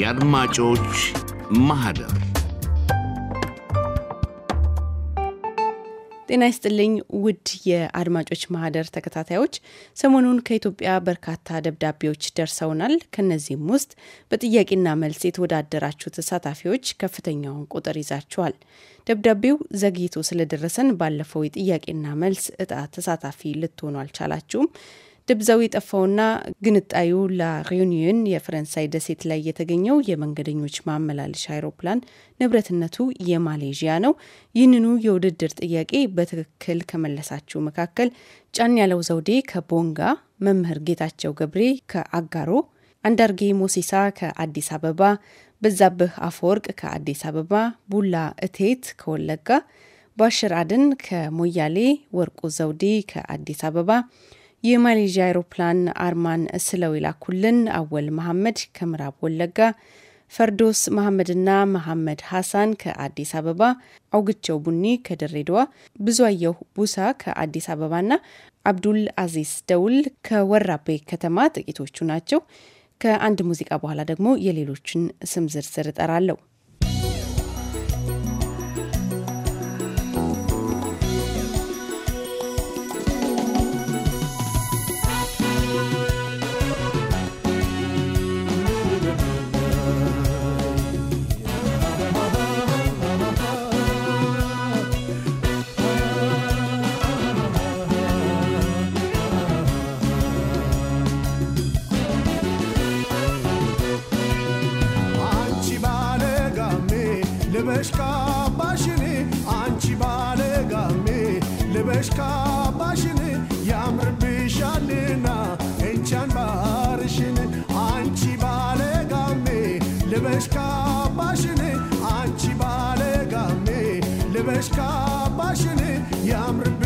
የአድማጮች ማህደር ጤና ይስጥልኝ ውድ የአድማጮች ማህደር ተከታታዮች፣ ሰሞኑን ከኢትዮጵያ በርካታ ደብዳቤዎች ደርሰውናል። ከነዚህም ውስጥ በጥያቄና መልስ የተወዳደራችሁ ተሳታፊዎች ከፍተኛውን ቁጥር ይዛችኋል። ደብዳቤው ዘግይቶ ስለደረሰን ባለፈው የጥያቄና መልስ እጣ ተሳታፊ ልትሆኑ አልቻላችሁም። ደብዛው የጠፋውና ግንጣዩ ላሪዩኒዮን የፈረንሳይ ደሴት ላይ የተገኘው የመንገደኞች ማመላለሻ አይሮፕላን ንብረትነቱ የማሌዥያ ነው። ይህንኑ የውድድር ጥያቄ በትክክል ከመለሳችሁ መካከል ጫን ያለው ዘውዴ ከቦንጋ፣ መምህር ጌታቸው ገብሬ ከአጋሮ፣ አንዳርጌ ሞሲሳ ከአዲስ አበባ፣ በዛብህ አፈወርቅ ከአዲስ አበባ፣ ቡላ እቴት ከወለጋ፣ ባሽር አድን ከሞያሌ፣ ወርቁ ዘውዴ ከአዲስ አበባ የማሌዥያ አይሮፕላን አርማን ስለው ይላኩልን አወል መሐመድ ከምዕራብ ወለጋ፣ ፈርዶስ መሐመድና መሐመድ ሐሳን ከአዲስ አበባ፣ አውግቸው ቡኒ ከድሬዳዋ፣ ብዙአየሁ ቡሳ ከአዲስ አበባና አብዱል አዚዝ ደውል ከወራቤ ከተማ ጥቂቶቹ ናቸው። ከአንድ ሙዚቃ በኋላ ደግሞ የሌሎችን ስም ዝርዝር እጠራለሁ። e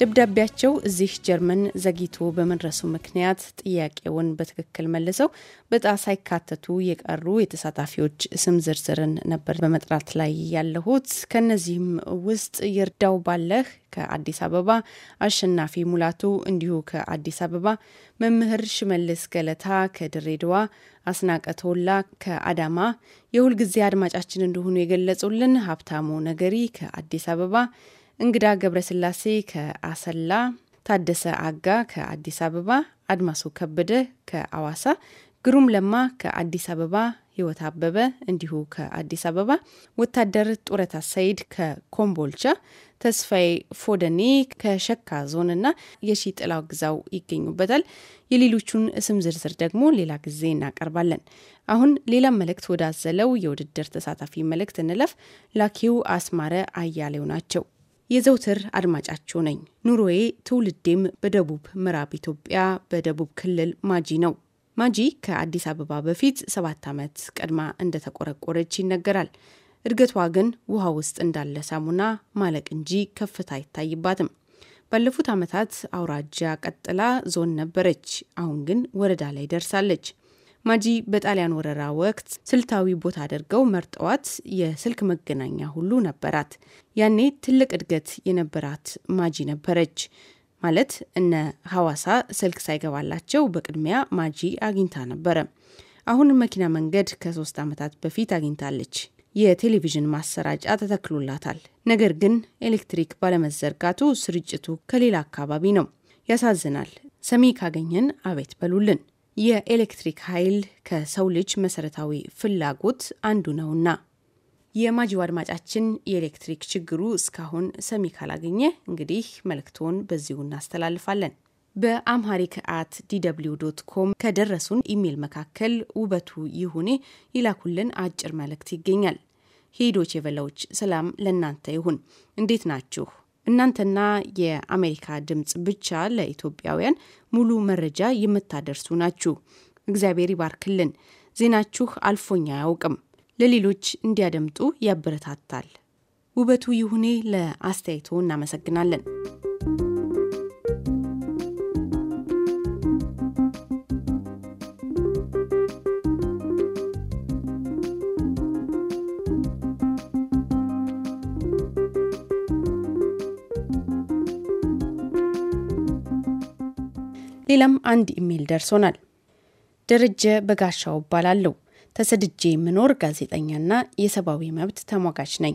ደብዳቤያቸው እዚህ ጀርመን ዘግይቶ በመድረሱ ምክንያት ጥያቄውን በትክክል መልሰው በጣ ሳይካተቱ የቀሩ የተሳታፊዎች ስም ዝርዝርን ነበር በመጥራት ላይ ያለሁት። ከነዚህም ውስጥ ይርዳው ባለህ ከአዲስ አበባ፣ አሸናፊ ሙላቱ እንዲሁ ከአዲስ አበባ፣ መምህር ሽመልስ ገለታ ከድሬዳዋ፣ አስናቀ ቶላ ከአዳማ፣ የሁልጊዜ አድማጫችን እንደሆኑ የገለጹልን ሀብታሙ ነገሪ ከአዲስ አበባ እንግዳ ገብረስላሴ ከአሰላ፣ ታደሰ አጋ ከአዲስ አበባ፣ አድማሱ ከበደ ከአዋሳ፣ ግሩም ለማ ከአዲስ አበባ፣ ህይወት አበበ እንዲሁ ከአዲስ አበባ፣ ወታደር ጡረታ ሰይድ ከኮምቦልቻ፣ ተስፋዬ ፎደኔ ከሸካ ዞን እና የሺ ጥላው ግዛው ይገኙበታል። የሌሎቹን ስም ዝርዝር ደግሞ ሌላ ጊዜ እናቀርባለን። አሁን ሌላ መልእክት ወዳዘለው የውድድር ተሳታፊ መልእክት እንለፍ። ላኪው አስማረ አያሌው ናቸው። የዘውትር አድማጫችሁ ነኝ። ኑሮዬ ትውልዴም በደቡብ ምዕራብ ኢትዮጵያ በደቡብ ክልል ማጂ ነው። ማጂ ከአዲስ አበባ በፊት ሰባት ዓመት ቀድማ እንደተቆረቆረች ይነገራል። እድገቷ ግን ውሃ ውስጥ እንዳለ ሳሙና ማለቅ እንጂ ከፍታ አይታይባትም። ባለፉት ዓመታት አውራጃ ቀጥላ ዞን ነበረች። አሁን ግን ወረዳ ላይ ደርሳለች። ማጂ በጣሊያን ወረራ ወቅት ስልታዊ ቦታ አድርገው መርጠዋት የስልክ መገናኛ ሁሉ ነበራት። ያኔ ትልቅ እድገት የነበራት ማጂ ነበረች። ማለት እነ ሐዋሳ ስልክ ሳይገባላቸው በቅድሚያ ማጂ አግኝታ ነበረ። አሁን መኪና መንገድ ከሶስት ዓመታት በፊት አግኝታለች። የቴሌቪዥን ማሰራጫ ተተክሎላታል። ነገር ግን ኤሌክትሪክ ባለመዘርጋቱ ስርጭቱ ከሌላ አካባቢ ነው። ያሳዝናል። ሰሚ ካገኘን አቤት በሉልን። የኤሌክትሪክ ኃይል ከሰው ልጅ መሰረታዊ ፍላጎት አንዱ ነውና። የማጂው አድማጫችን የኤሌክትሪክ ችግሩ እስካሁን ሰሚ ካላገኘ እንግዲህ መልእክቶን በዚሁ እናስተላልፋለን። በአምሃሪክ አት ዲደብሊው ዶት ኮም ከደረሱን ኢሜይል መካከል ውበቱ ይሁኔ ይላኩልን አጭር መልእክት ይገኛል። ሄዶች የበላዎች ሰላም ለእናንተ ይሁን። እንዴት ናችሁ? እናንተና የአሜሪካ ድምፅ ብቻ ለኢትዮጵያውያን ሙሉ መረጃ የምታደርሱ ናችሁ። እግዚአብሔር ይባርክልን። ዜናችሁ አልፎኝ አያውቅም፣ ለሌሎች እንዲያደምጡ ያበረታታል። ውበቱ ይሁኔ ለአስተያየቶ እናመሰግናለን። ሌላም አንድ ኢሜይል ደርሶናል። ደረጀ በጋሻው እባላለሁ። ተሰድጄ የምኖር ጋዜጠኛና የሰብአዊ መብት ተሟጋች ነኝ።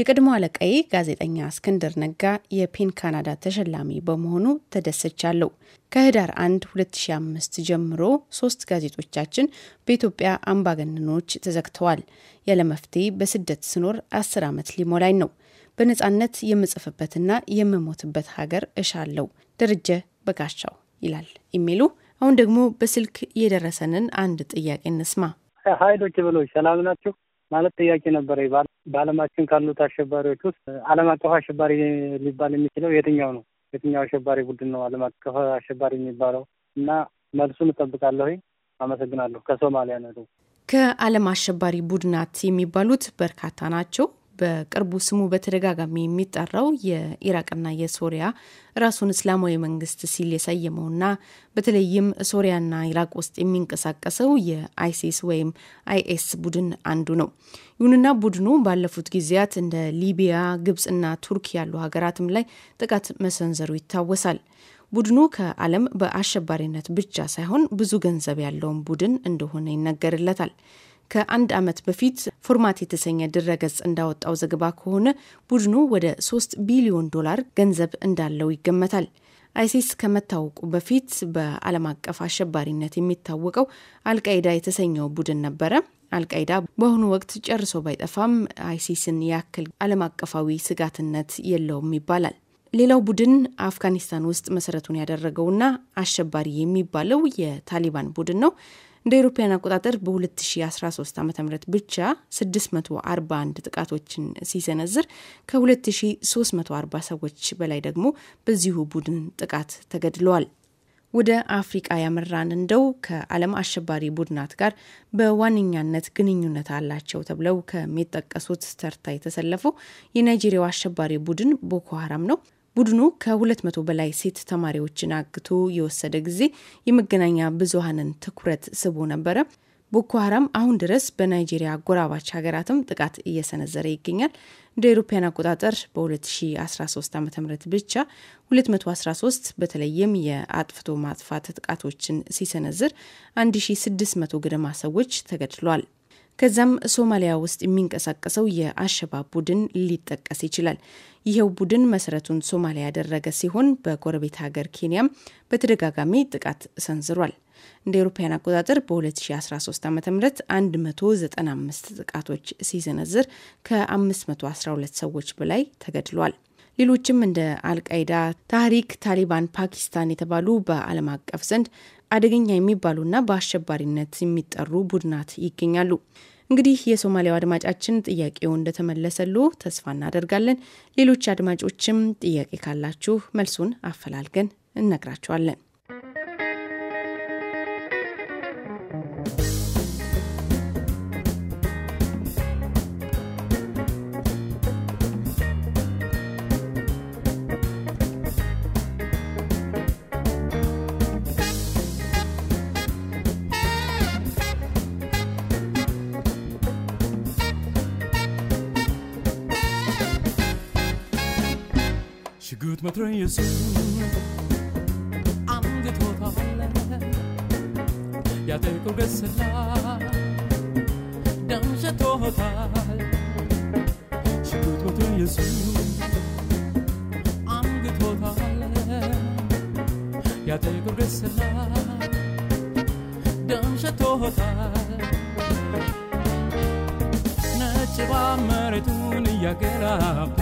የቀድሞ አለቃዬ ጋዜጠኛ እስክንድር ነጋ የፔን ካናዳ ተሸላሚ በመሆኑ ተደሰቻለሁ። ከህዳር 1 2005 ጀምሮ ሶስት ጋዜጦቻችን በኢትዮጵያ አምባገነኖች ተዘግተዋል። ያለመፍትሄ በስደት ስኖር አስር ዓመት ሊሞላኝ ነው። በነፃነት የምጽፍበትና የምሞትበት ሀገር እሻለሁ። ደረጀ በጋሻው ይላል ኢሜሉ። አሁን ደግሞ በስልክ የደረሰንን አንድ ጥያቄ እንስማ። ሀይዶች ብሎች ሰላም ናቸው ማለት ጥያቄ ነበረ። በአለማችን ካሉት አሸባሪዎች ውስጥ አለም አቀፍ አሸባሪ ሊባል የሚችለው የትኛው ነው? የትኛው አሸባሪ ቡድን ነው አለም አቀፍ አሸባሪ የሚባለው? እና መልሱን እጠብቃለሁ። አመሰግናለሁ። ከሶማሊያ ነው። ከአለም አሸባሪ ቡድናት የሚባሉት በርካታ ናቸው። በቅርቡ ስሙ በተደጋጋሚ የሚጠራው የኢራቅና የሶሪያ ራሱን እስላማዊ መንግስት ሲል የሰየመውና በተለይም ሶሪያና ኢራቅ ውስጥ የሚንቀሳቀሰው የአይሲስ ወይም አይኤስ ቡድን አንዱ ነው። ይሁንና ቡድኑ ባለፉት ጊዜያት እንደ ሊቢያ፣ ግብፅና ቱርክ ያሉ ሀገራትም ላይ ጥቃት መሰንዘሩ ይታወሳል። ቡድኑ ከዓለም በአሸባሪነት ብቻ ሳይሆን ብዙ ገንዘብ ያለውን ቡድን እንደሆነ ይነገርለታል። ከአንድ ዓመት በፊት ፎርማት የተሰኘ ድረገጽ እንዳወጣው ዘገባ ከሆነ ቡድኑ ወደ 3 ቢሊዮን ዶላር ገንዘብ እንዳለው ይገመታል። አይሲስ ከመታወቁ በፊት በዓለም አቀፍ አሸባሪነት የሚታወቀው አልቃይዳ የተሰኘው ቡድን ነበረ። አልቃይዳ በአሁኑ ወቅት ጨርሶ ባይጠፋም አይሲስን ያክል ዓለም አቀፋዊ ስጋትነት የለውም ይባላል። ሌላው ቡድን አፍጋኒስታን ውስጥ መሰረቱን ያደረገውና አሸባሪ የሚባለው የታሊባን ቡድን ነው። እንደ አውሮፓውያን አቆጣጠር በ2013 ዓ ም ብቻ 641 ጥቃቶችን ሲሰነዝር ከ2340 ሰዎች በላይ ደግሞ በዚሁ ቡድን ጥቃት ተገድለዋል። ወደ አፍሪቃ ያመራን እንደው ከዓለም አሸባሪ ቡድናት ጋር በዋነኛነት ግንኙነት አላቸው ተብለው ከሚጠቀሱት ተርታ የተሰለፈው የናይጄሪያው አሸባሪ ቡድን ቦኮ ሀራም ነው። ቡድኑ ከ200 በላይ ሴት ተማሪዎችን አግቶ የወሰደ ጊዜ የመገናኛ ብዙሃንን ትኩረት ስቦ ነበረ። ቦኮ ሀራም አሁን ድረስ በናይጄሪያ አጎራባች ሀገራትም ጥቃት እየሰነዘረ ይገኛል። እንደ አውሮፓውያን አቆጣጠር በ2013 ዓ ም ብቻ 213 በተለይም የአጥፍቶ ማጥፋት ጥቃቶችን ሲሰነዝር 1600 ገደማ ሰዎች ተገድለዋል። ከዚያም ሶማሊያ ውስጥ የሚንቀሳቀሰው የአሸባብ ቡድን ሊጠቀስ ይችላል። ይኸው ቡድን መሰረቱን ሶማሊያ ያደረገ ሲሆን በጎረቤት ሀገር ኬንያም በተደጋጋሚ ጥቃት ሰንዝሯል። እንደ አውሮፓውያን አቆጣጠር በ2013 ዓ ም 195 ጥቃቶች ሲሰነዝር ከ512 ሰዎች በላይ ተገድሏል። ሌሎችም እንደ አልቃይዳ፣ ታህሪክ ታሊባን ፓኪስታን የተባሉ በዓለም አቀፍ ዘንድ አደገኛ የሚባሉና በአሸባሪነት የሚጠሩ ቡድናት ይገኛሉ። እንግዲህ የሶማሊያው አድማጫችን ጥያቄው እንደተመለሰሉ ተስፋ እናደርጋለን። ሌሎች አድማጮችም ጥያቄ ካላችሁ መልሱን አፈላልገን እነግራችኋለን። Ut med trøyesyn, andet mot alle. Jeg tenker besla, danse total. Ut med trøyesyn, andet mot alle. Jeg tenker besla, danse total. Neçe var meretun ya gerab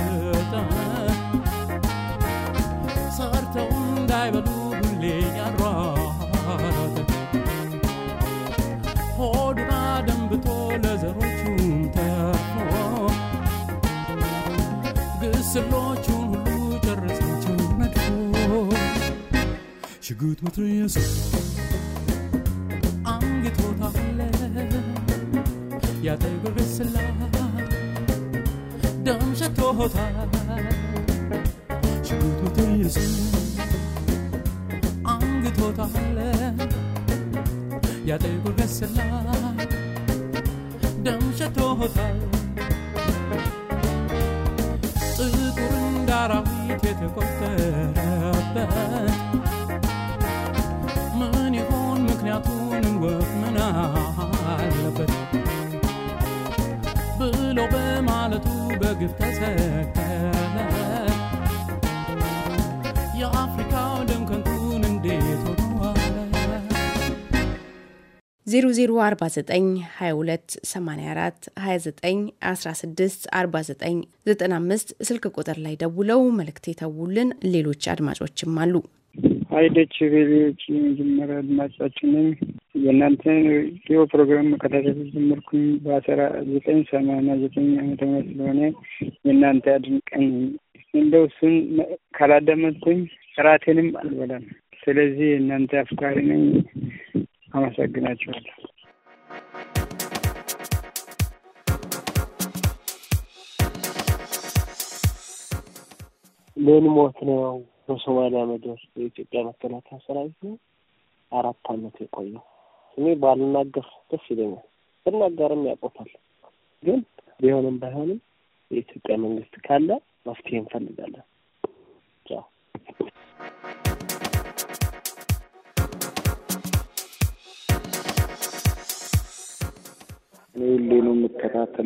gut med tröja så angetrotalle Ja det går vissela Dömsa tåta Så gut med tröja så angetrotalle Ja det går vissela ግብ ተሰከነ የአፍሪካው ደም ከንቱን እንዴት ሆኗል? 00428429164949 ስልክ ቁጥር ላይ ደውለው መልእክት የተውልን ሌሎች አድማጮችም አሉ። አይደች ቤቢዎች የመጀመሪያ አድማጫችንን የእናንተን ሬዲዮ ፕሮግራም መከታተል ጀመርኩኝ በአስራ ዘጠኝ ሰማንያ ዘጠኝ ዓመተ ምህረት ስለሆነ የእናንተ አድንቀኝ እንደው እሱን ካላደመጥኩኝ እራቴንም አልበላም። ስለዚህ የእናንተ አፍቃሪ ነኝ። አመሰግናችኋለሁ። ምን ሞት ነው በሶማሊያ ምድር የኢትዮጵያ መከላከያ ሰራዊት ነው አራት አመት የቆየው። እኔ ባልናገር ደስ ይለኛል፣ ብናገርም ያቆታል። ግን ቢሆንም ባይሆንም የኢትዮጵያ መንግስት ካለ መፍትሄ እንፈልጋለን። እኔ ሁሌ ነው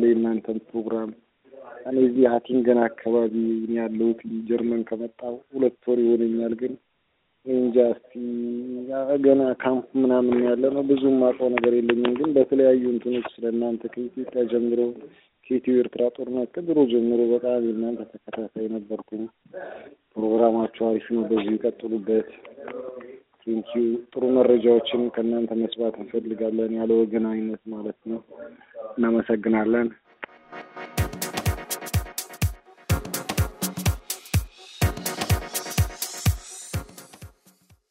የእናንተን ፕሮግራም እኔ እዚህ ሀቲንገን አካባቢ ያለሁት ጀርመን ከመጣ ሁለት ወር ይሆነኛል። ግን እንጃ እስቲ ገና ካምፕ ምናምን ያለ ነው ብዙም አውቀው ነገር የለኝም። ግን በተለያዩ እንትኖች ስለ እናንተ ከኢትዮጵያ ጀምሮ ከኢትዮ ኤርትራ ጦርነት ከድሮ ጀምሮ በጣም የእናንተ ተከታታይ ነበርኩኝ። ፕሮግራማችሁ አሪፍ ነው፣ በዚሁ ይቀጥሉበት። ቴንኪዩ። ጥሩ መረጃዎችን ከእናንተ መስባት እንፈልጋለን፣ ያለ ወገናዊነት ማለት ነው። እናመሰግናለን።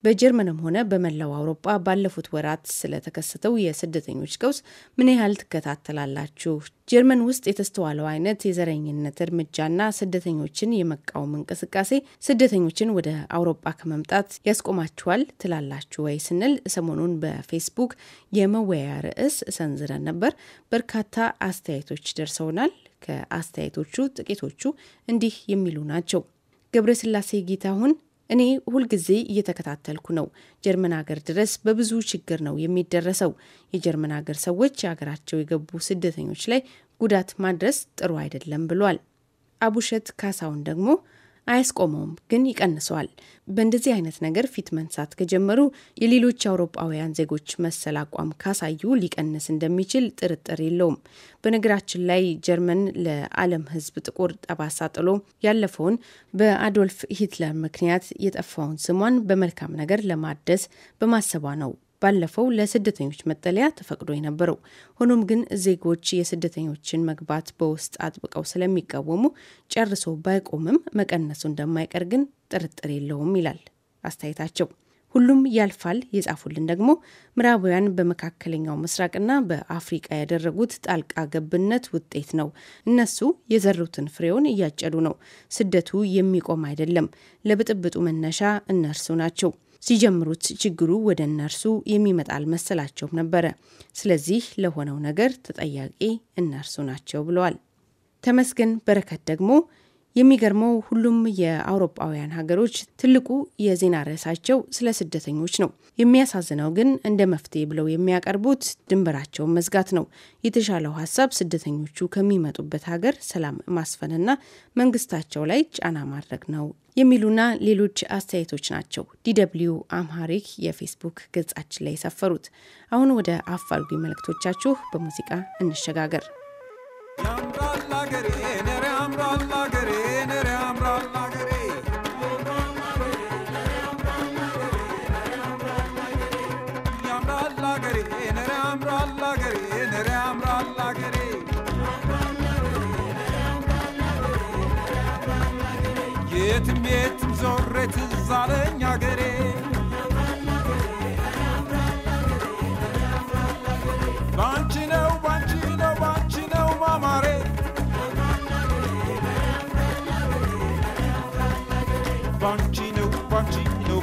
በጀርመንም ሆነ በመላው አውሮፓ ባለፉት ወራት ስለተከሰተው የስደተኞች ቀውስ ምን ያህል ትከታተላላችሁ? ጀርመን ውስጥ የተስተዋለው አይነት የዘረኝነት እርምጃና ስደተኞችን የመቃወም እንቅስቃሴ ስደተኞችን ወደ አውሮፓ ከመምጣት ያስቆማችኋል ትላላችሁ ወይ ስንል ሰሞኑን በፌስቡክ የመወያያ ርዕስ ሰንዝረን ነበር። በርካታ አስተያየቶች ደርሰውናል። ከአስተያየቶቹ ጥቂቶቹ እንዲህ የሚሉ ናቸው። ገብረስላሴ ጌታሁን እኔ ሁልጊዜ እየተከታተልኩ ነው። ጀርመን ሀገር ድረስ በብዙ ችግር ነው የሚደረሰው። የጀርመን ሀገር ሰዎች ሀገራቸው የገቡ ስደተኞች ላይ ጉዳት ማድረስ ጥሩ አይደለም ብሏል። አቡሸት ካሳውን ደግሞ አያስቆመውም፣ ግን ይቀንሰዋል። በእንደዚህ አይነት ነገር ፊት መንሳት ከጀመሩ የሌሎች አውሮፓውያን ዜጎች መሰል አቋም ካሳዩ ሊቀንስ እንደሚችል ጥርጥር የለውም። በነገራችን ላይ ጀርመን ለዓለም ሕዝብ ጥቁር ጠባሳ ጥሎ ያለፈውን በአዶልፍ ሂትለር ምክንያት የጠፋውን ስሟን በመልካም ነገር ለማደስ በማሰቧ ነው። ባለፈው ለስደተኞች መጠለያ ተፈቅዶ የነበረው። ሆኖም ግን ዜጎች የስደተኞችን መግባት በውስጥ አጥብቀው ስለሚቃወሙ ጨርሶ ባይቆምም መቀነሱ እንደማይቀር ግን ጥርጥር የለውም ይላል አስተያየታቸው። ሁሉም ያልፋል የጻፉልን ደግሞ ምዕራባውያን በመካከለኛው ምስራቅና በአፍሪቃ ያደረጉት ጣልቃ ገብነት ውጤት ነው። እነሱ የዘሩትን ፍሬውን እያጨዱ ነው። ስደቱ የሚቆም አይደለም። ለብጥብጡ መነሻ እነርሱ ናቸው። ሲጀምሩት ችግሩ ወደ እነርሱ የሚመጣ አልመሰላቸውም ነበረ። ስለዚህ ለሆነው ነገር ተጠያቂ እነርሱ ናቸው ብለዋል። ተመስገን በረከት ደግሞ የሚገርመው ሁሉም የአውሮፓውያን ሀገሮች ትልቁ የዜና ርዕሳቸው ስለ ስደተኞች ነው። የሚያሳዝነው ግን እንደ መፍትሄ ብለው የሚያቀርቡት ድንበራቸውን መዝጋት ነው። የተሻለው ሀሳብ ስደተኞቹ ከሚመጡበት ሀገር ሰላም ማስፈንና መንግስታቸው ላይ ጫና ማድረግ ነው የሚሉና ሌሎች አስተያየቶች ናቸው ዲደብልዩ አምሃሪክ የፌስቡክ ገጻችን ላይ የሰፈሩት። አሁን ወደ አፋልጉኝ መልእክቶቻችሁ በሙዚቃ እንሸጋገር።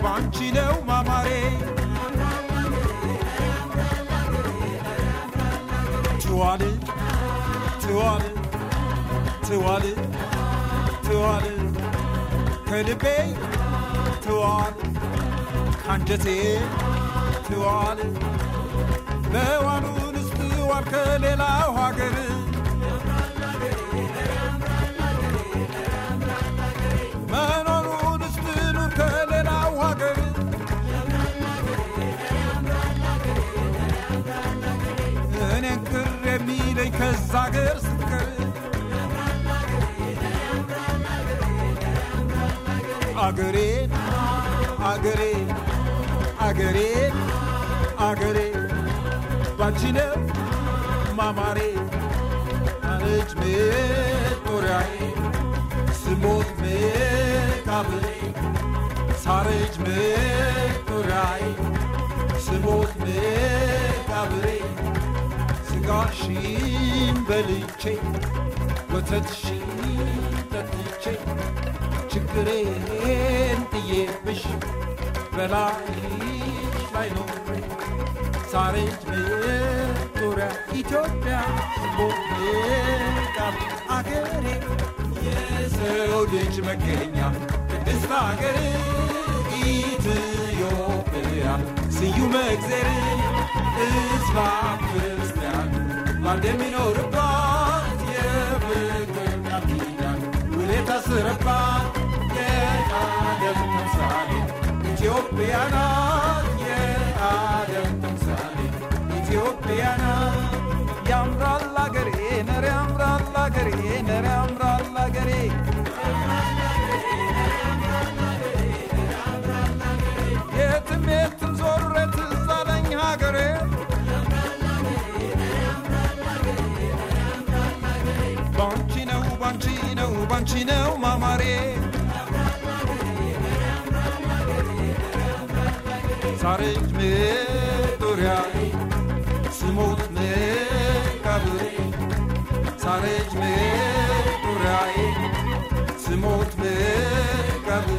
ባንቺ ነው ማማሬ ትዋል ትዋል ትዋል ትዋል ከልቤ ትዋል ካንጀቴ ትዋል በዋሉን ስትዋል ከሌላው ሀገር ከዛ አገር ስትቀር አገሬ አገሬ አገሬ አገሬ ባንቺ ነው ማማሬ አረጅ መጦሪያዬ ስሞት መቃብሬ ሳረጅ መጦሪያዬ ስሞት መቃብሬ ጋሽን በልቼ ወተትሽን ጠጥቼ ችግሬን ጥዬብሽ በላይሽ ላይ ኖሬ ሳሬጅ መጦሪያ ኢትዮጵያ ቦቃል አገሬ የሰው ልጅ መገኛ ቅድስት አገር ኢትዮጵያ ስዩመ እግዜር እስባክስ የሚኖርባት የፍቅር ቃል ኪዳን ውል የታሰረባት የአደም ተምሳሌ ኢትዮጵያ ናት። የአደም ተምሳሌ ኢትዮጵያ ናት። ያምራል አገሬ ነር ያምራል አገሬ ነር ያምራል o mamare, mamaré. Sarıç mı durya, simut mı kabı. Sarıç mı durya, simut mı kabı.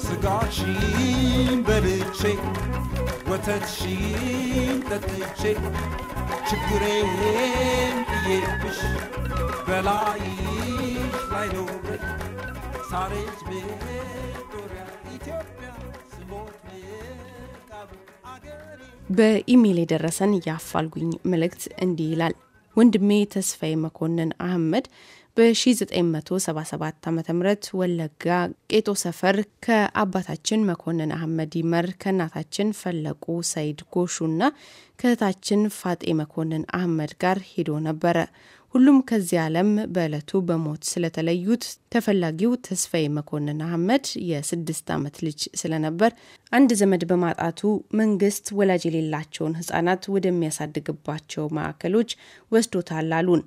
Sıgaçim beliçi, vetetçim tetiçi. Çıküreyim yetmiş, belayım. በኢሜይል የደረሰን የአፋልጉኝ መልእክት እንዲህ ይላል። ወንድሜ ተስፋዬ መኮንን አህመድ በ1977 ዓ ም ወለጋ ቄጦ ሰፈር ከአባታችን መኮንን አህመድ ይመር ከእናታችን ፈለቁ ሰይድ ጎሹና ከእህታችን ፋጤ መኮንን አህመድ ጋር ሄዶ ነበረ። ሁሉም ከዚህ ዓለም በዕለቱ በሞት ስለተለዩት ተፈላጊው ተስፋዬ መኮንን አህመድ የስድስት ዓመት ልጅ ስለነበር አንድ ዘመድ በማጣቱ መንግስት ወላጅ የሌላቸውን ህጻናት ወደሚያሳድግባቸው ማዕከሎች ወስዶታል አሉን።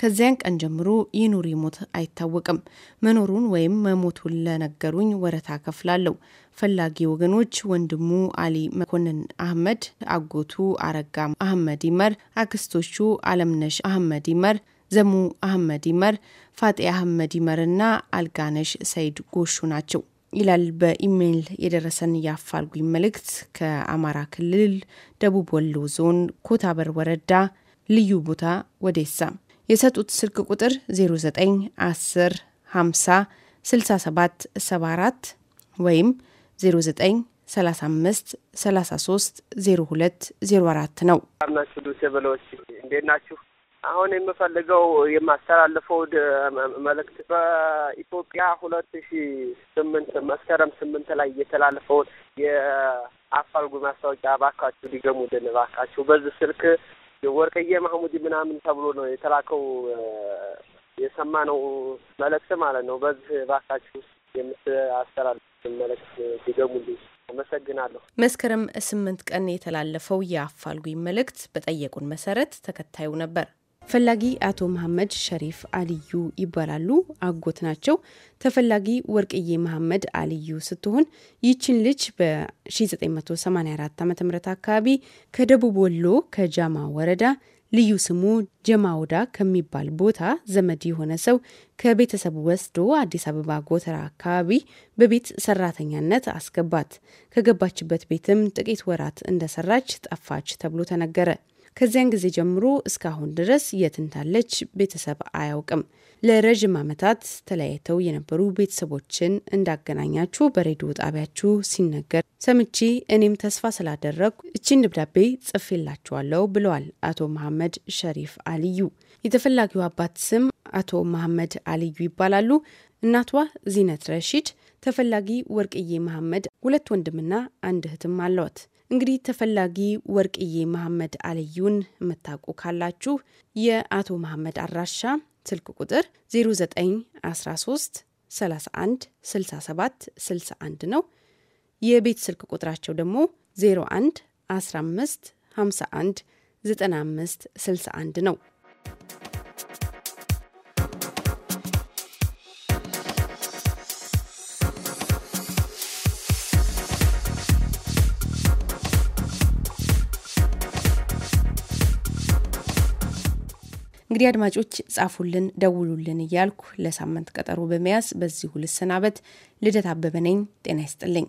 ከዚያን ቀን ጀምሮ ይኑር ይሞት አይታወቅም። መኖሩን ወይም መሞቱን ለነገሩኝ ወረታ ከፍላለሁ። ፈላጊ ወገኖች ወንድሙ አሊ መኮንን አህመድ፣ አጎቱ አረጋ አህመድ ይመር፣ አክስቶቹ አለምነሽ አህመድ ይመር ዘሙ አህመድ ይመር፣ ፋጤ አህመድ ይመርና አልጋነሽ ሰይድ ጎሹ ናቸው ይላል በኢሜይል የደረሰን የአፋልጉኝ መልእክት ከአማራ ክልል ደቡብ ወሎ ዞን ኮታበር ወረዳ ልዩ ቦታ ወዴሳ። የሰጡት ስልክ ቁጥር 0910 50 67 74 ወይም 09 35 33 02 04 ነው። ናችሁ ዱሴ በለዎች እንዴት ናችሁ? አሁን የምፈልገው የማስተላልፈው መልእክት በኢትዮጵያ ሁለት ሺ ስምንት መስከረም ስምንት ላይ የተላለፈውን የአፋልጉ ማስታወቂያ እባካችሁ ሊገሙልን እባካችሁ በዚህ ስልክ ወርቅዬ ማህሙድ ምናምን ተብሎ ነው የተላከው የሰማነው መልእክት ማለት ነው። በዚህ ባካችሁ የምታስተላልፍ መልእክት ሊገሙልኝ አመሰግናለሁ። መስከረም ስምንት ቀን የተላለፈው የአፋልጉኝ መልእክት በጠየቁን መሰረት ተከታዩ ነበር። ፈላጊ አቶ መሐመድ ሸሪፍ አልዩ ይባላሉ። አጎት ናቸው። ተፈላጊ ወርቅዬ መሐመድ አልዩ ስትሆን ይችን ልጅ በ1984 ዓ ም አካባቢ ከደቡብ ወሎ ከጃማ ወረዳ ልዩ ስሙ ጀማውዳ ከሚባል ቦታ ዘመድ የሆነ ሰው ከቤተሰብ ወስዶ አዲስ አበባ ጎተራ አካባቢ በቤት ሰራተኛነት አስገባት። ከገባችበት ቤትም ጥቂት ወራት እንደሰራች ጠፋች ተብሎ ተነገረ። ከዚያን ጊዜ ጀምሮ እስካሁን ድረስ የት እንዳለች ቤተሰብ አያውቅም። ለረዥም ዓመታት ተለያይተው የነበሩ ቤተሰቦችን እንዳገናኛችሁ በሬዲዮ ጣቢያችሁ ሲነገር ሰምቼ እኔም ተስፋ ስላደረግኩ እቺን ደብዳቤ ጽፌላችኋለሁ ብለዋል አቶ መሐመድ ሸሪፍ አልዩ። የተፈላጊው አባት ስም አቶ መሐመድ አልዩ ይባላሉ። እናቷ ዚነት ረሺድ፣ ተፈላጊ ወርቅዬ መሐመድ፣ ሁለት ወንድምና አንድ እህትም አለዋት። እንግዲህ ተፈላጊ ወርቅዬ መሐመድ አልዩን የምታውቁ ካላችሁ የአቶ መሐመድ አድራሻ ስልክ ቁጥር 0913 31 67 61 ነው። የቤት ስልክ ቁጥራቸው ደግሞ 01 15 51 95 61 ነው። እንግዲህ አድማጮች ጻፉልን፣ ደውሉልን እያልኩ ለሳምንት ቀጠሮ በመያዝ በዚሁ ልሰናበት። ልደት አበበ ነኝ። ጤና ይስጥልኝ።